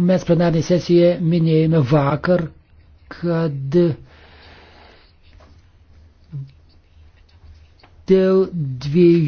Mes plenarinėje sesijoje minėjome vakar, kad dėl dviejų